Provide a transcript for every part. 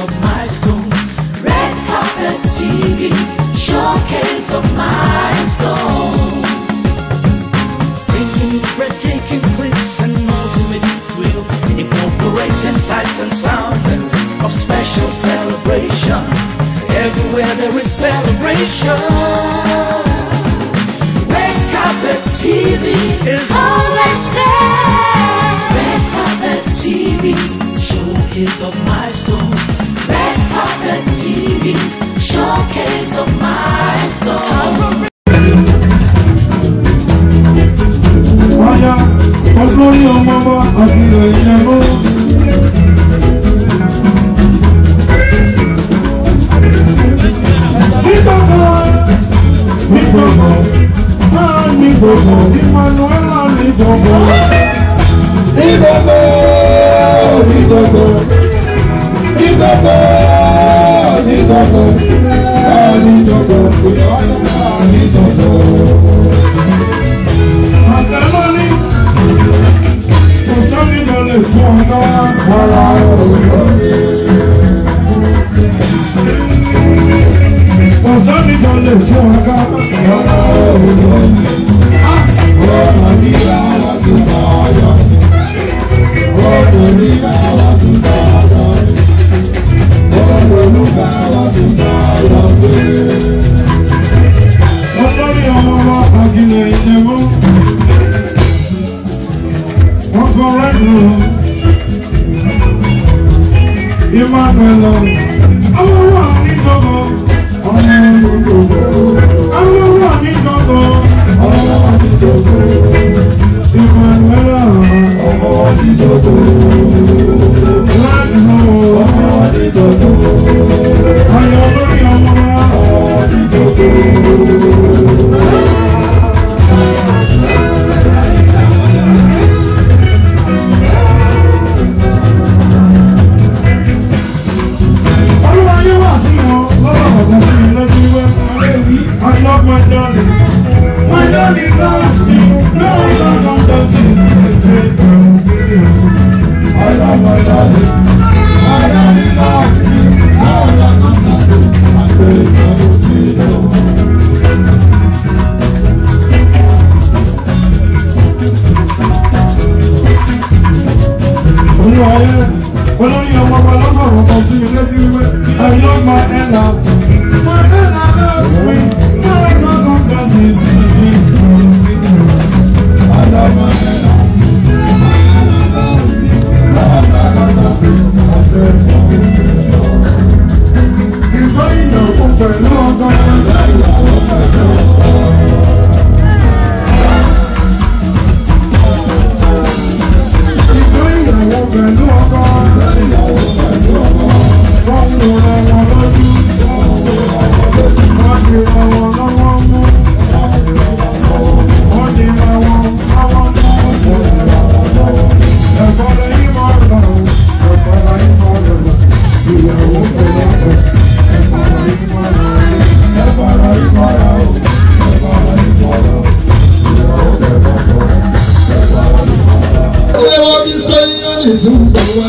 of my Red carpet TV, showcase of milestones. stones. Bringing breathtaking clips and ultimate thrills, incorporating sights and sounds of special celebration. Everywhere there is celebration. Red carpet TV is always there. Red carpet TV, showcase of milestones. Parker TV, showcase of milestone. Olórí ọmọ ọba àti ìròyìn ẹ̀rọ. Adéwọ́kí sẹ́yìn ẹni tí ń bọ̀ wá.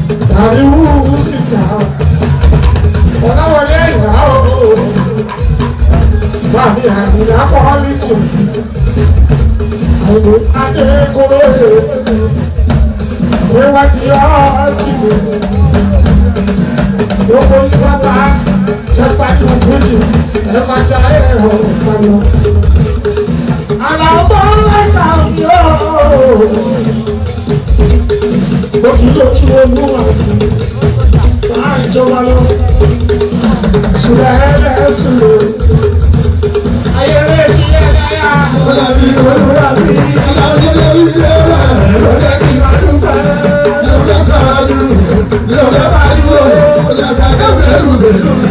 dàríwú síkà ọ̀làwọlé ìhà òru bàbí àgbìlá pọ́lítì àìlú adékòrò ìwádìí ọ̀ọ́sì gbogbo ìwádà jẹ́pàdé òfúrì ẹ̀ máa jà ẹ̀ ọ̀ pàlọ́. àlàó bọ́ ẹ̀ka òní ó. lójúlójú olúwa. Lord,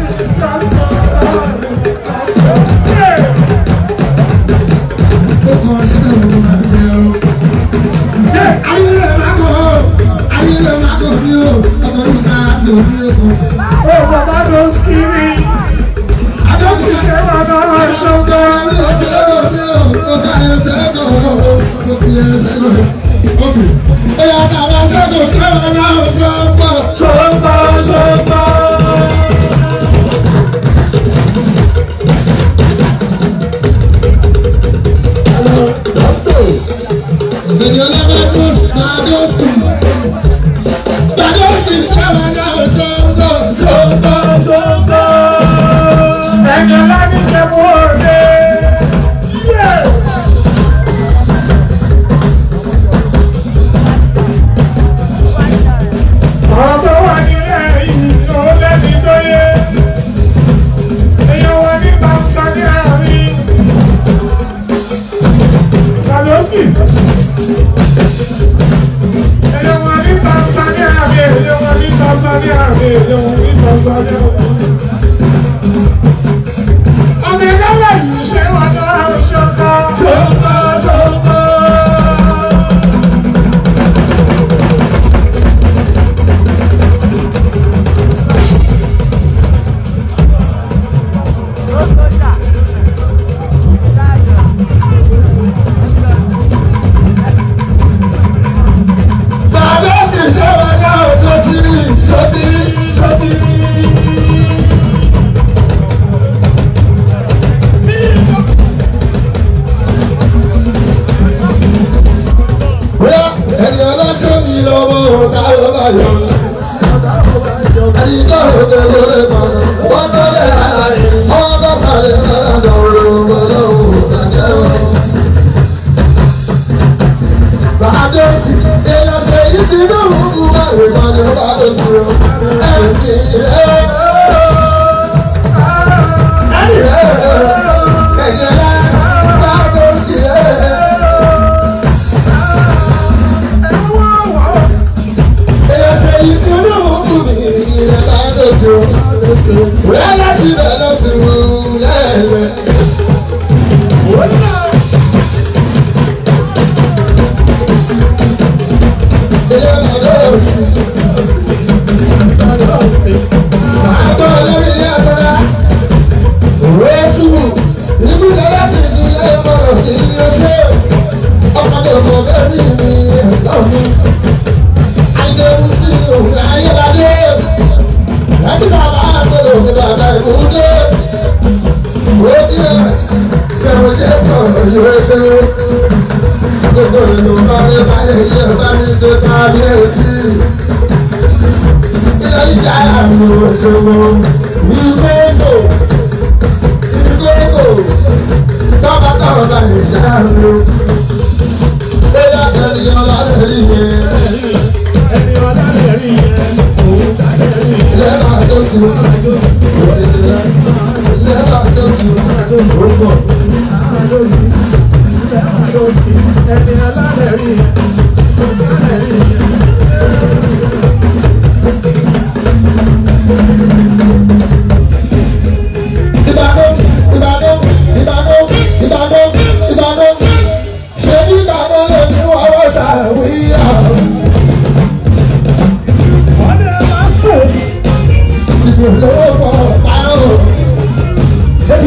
Oh, Baba knows Kiri. I don't think I ever know my shoulder. Oya ta ba se ko se wa na o se npo so npo so npo Hello Pastor Venyo na ba kus na dos Thank you. ẹni ọlọ́sẹ̀ mi lọ́wọ́ ọ̀tá lọ́ba yọ. ẹni tó o tó ló lè pa wọ́n tó lè rárá yìí wọ́n tó sàlẹ̀ sára dọ̀rọ̀ lọ́wọ́ ọ̀tàjẹ́ wọn. bàdé sí ìlọsẹ̀ yìí ti ní òun kú bá rè padà bàdé sí o. ẹ̀ ẹ̀ Where is it?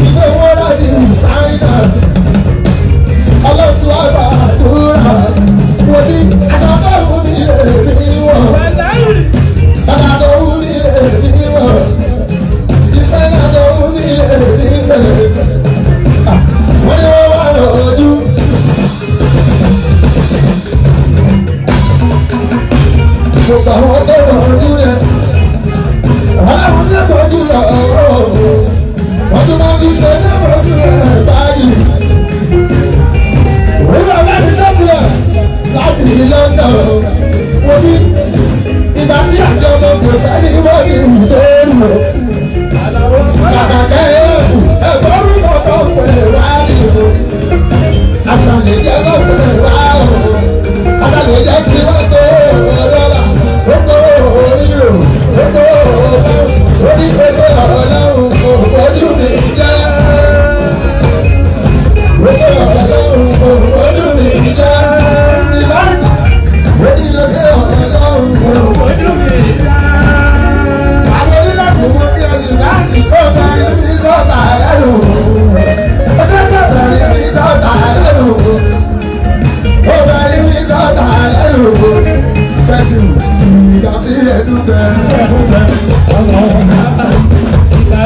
ìdílé wọn.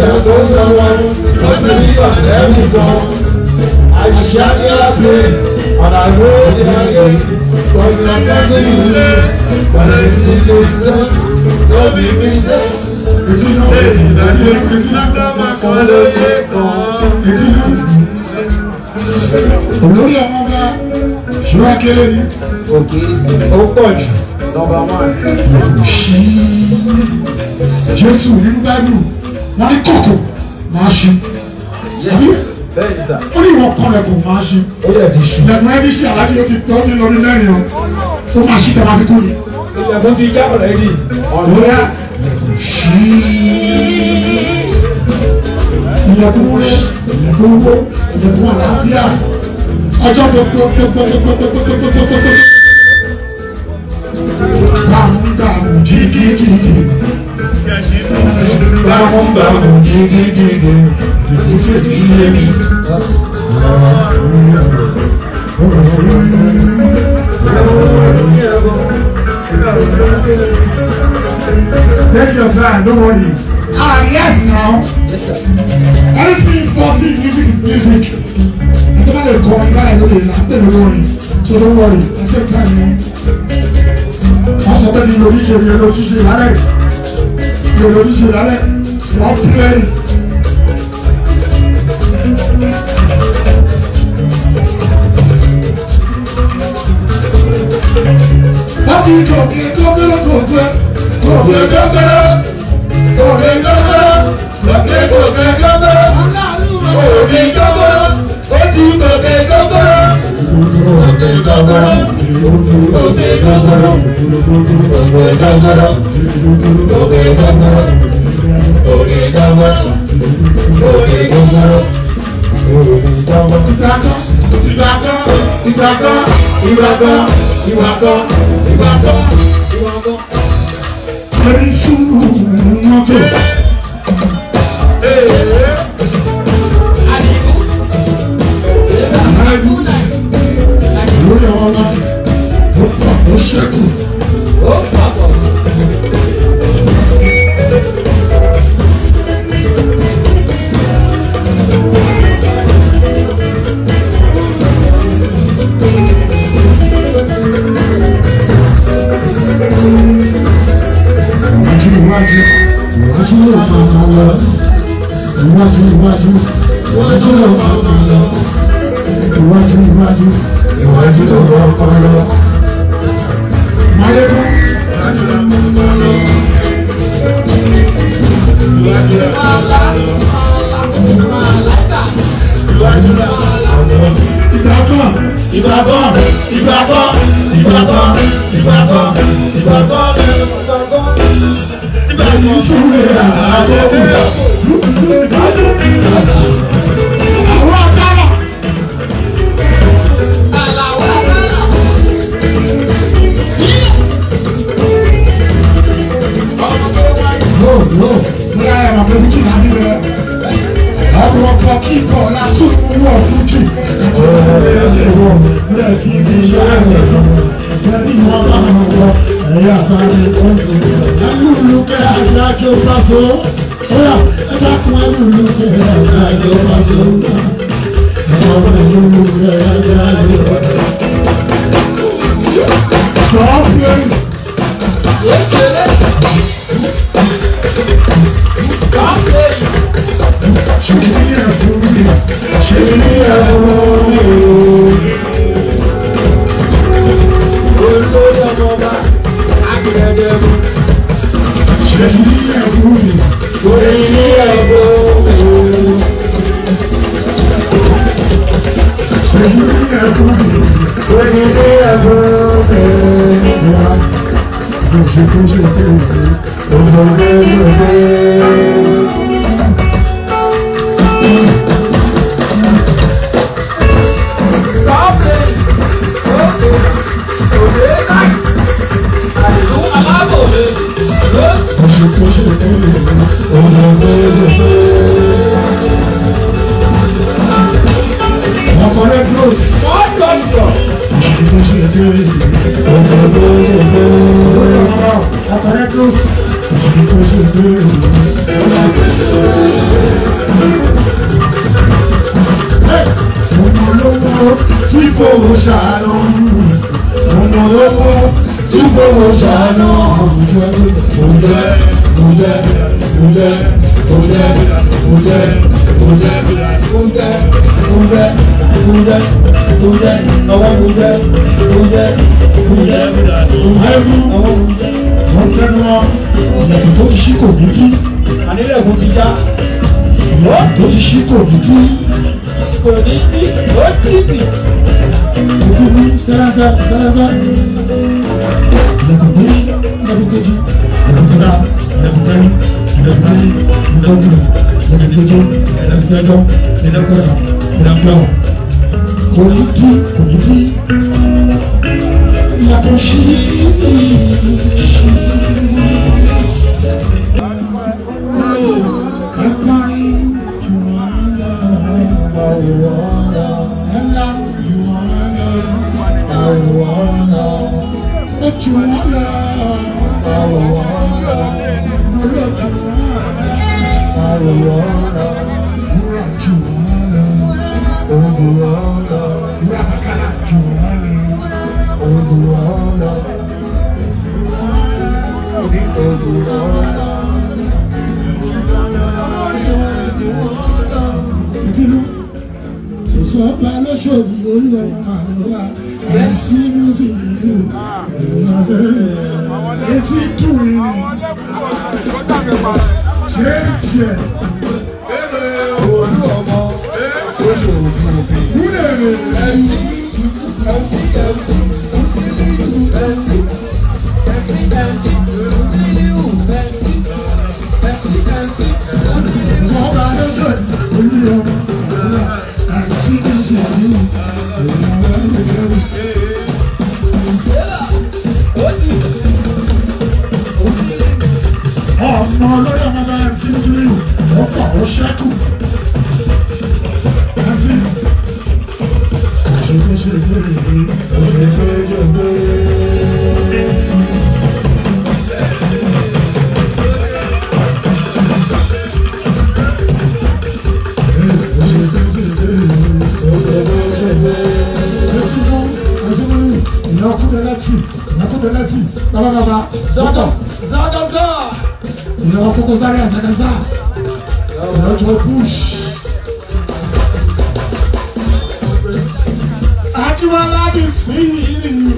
that goes on, just to leave us every dawn. I shall not play, and I know again, cause I'm nothing you lay, but I see this sun, don't be missing. Ìtúnú ìdájọ́ ìtúnú dábà kan lóye kan. Ìtúnú. Olórí àwọn ọba ṣùgbọ́n akéré ni. Òkè ó pọ̀ jù. Nọmba one. Jésù ní gbádùn wọ́n ní kòkò máa ṣe. ó ní ìwọ̀n kan lẹ́kọ̀ọ́ máa ṣe. lẹ́kùn ẹni ṣe aláàjì ó ti tọ́ ní lọ́ní mẹ́rin o ó máa ṣí tẹ̀wá kíkó ni. ìyàtọ̀ ti yá ọ̀rẹ́ yìí. ọ̀rẹ́ ṣí. ìyẹ̀kùn wọlé ìyẹ̀kùn wọ ìyẹ̀kùn àlàáfíà ọjọ́ gbogbo Take your time, don't worry. Ah, yes, now. Yes, sir. Anything funky music is music. I don't know call me, I don't know, I don't worry. So don't worry, Take your time, man. I'll stop at the original, you're not teaching, all right? jòrò ní ṣòro alẹ́ wọ́n pílẹ̀. láti gòkè gómìnà gòkè gòkè gómìnà gòkè gómìnà gòkè gòkè gómìnà gòkè gómìnà ó ti gòkè gómìnà dogoro obe dogoro obe dogoro obe dogoro obe dogoro obe dogoro ìgbàgbọ́ ìgbàgbọ́ ìgbàgbọ́ ìgbàgbọ́ ìgbàgbọ́ ìgbàgbọ́ ìgbàgbọ́. ẹni sùúrù mọ́tò. ọmọ ó pọ̀ ó ṣẹ́kù ó iwájú iwájú ló fà fà lọ iwájú iwájú iwájú ló fà fà lọ iwájú iwájú. Wájú ló bọ́ fọ́lọ́. Máyégún. Wájú ló bọ́ fọ́lọ́. Wájú ló bọ́ fọ́lọ́. Wájú ló bọ́ fọ́lọ́. Ìgbàgbọ́ ìgbàgbọ́ ìgbàgbọ́ ìgbàgbọ́ ìgbàgbọ́ ìgbàgbọ́ ìgbàgbọ́. Ìgbàgbọ́ sókè àgọ́kù. Ìgbàgbọ́. Senhor, Senhor. gúnjẹ gúnjẹ gúnjẹ gúnjẹ gúnjẹ ọwọ́ gúnjẹ gúnjẹ gúnjẹ gúnjẹ ọwọ́ gúnjẹ wọ́n fẹ́ mọ́ ilẹ̀kùn tó ti ṣí kò dúdú ànílẹ̀kùn ti já ilẹ̀kùn tó ti ṣí kò dúdú kò ní bí ó ti bì. òfurufú sẹ́lẹ́sẹ́ sẹ́lẹ́sẹ́ ilẹ̀kùn kejì ilẹ̀kùn kejì ilẹ̀kùn kẹta ilẹ̀kùn kẹrin. you wanna, what you wanna. sọ́ba lọ́sọ̀rọ̀ olúwa àlọ́wà ẹ̀sìn ló sì nílò ẹ̀rọ ẹ̀fí ọmọ ọlọ́yọ̀ máa bá ẹ̀ tí ń sinmi ọkọ̀ ọ̀ṣẹ́kù. Unaona koko zale zakaza. Unaona push. Akiwala disini.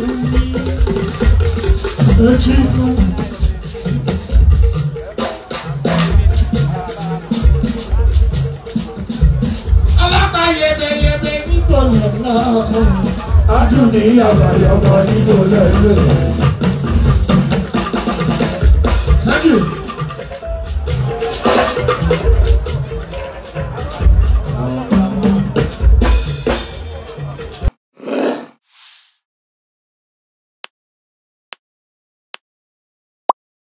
Echiku. Alaka yebe yebe ni kolo na. Aduni yaba yaba ni kolo na.